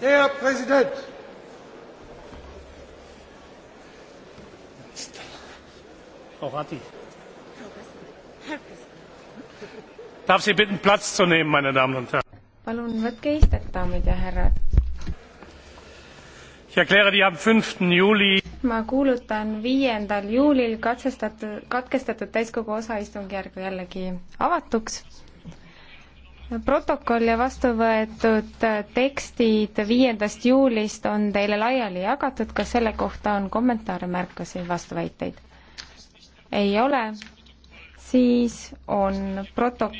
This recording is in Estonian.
Der Präsident! Frau Ratti. Darf Sie bitten, Platz zu nehmen, meine Damen und Herren? Palun võtke istet, daamid ja härrad. Ich erkläre die am 5. Juli ma kuulutan viiendal juulil katsestatud, katkestatud täiskogu osaistungjärgu jällegi avatuks protokoll ja vastu võetud tekstid viiendast juulist on teile laiali jagatud, kas selle kohta on kommentaare, märkusi, vastuväiteid? ei ole, siis on protokoll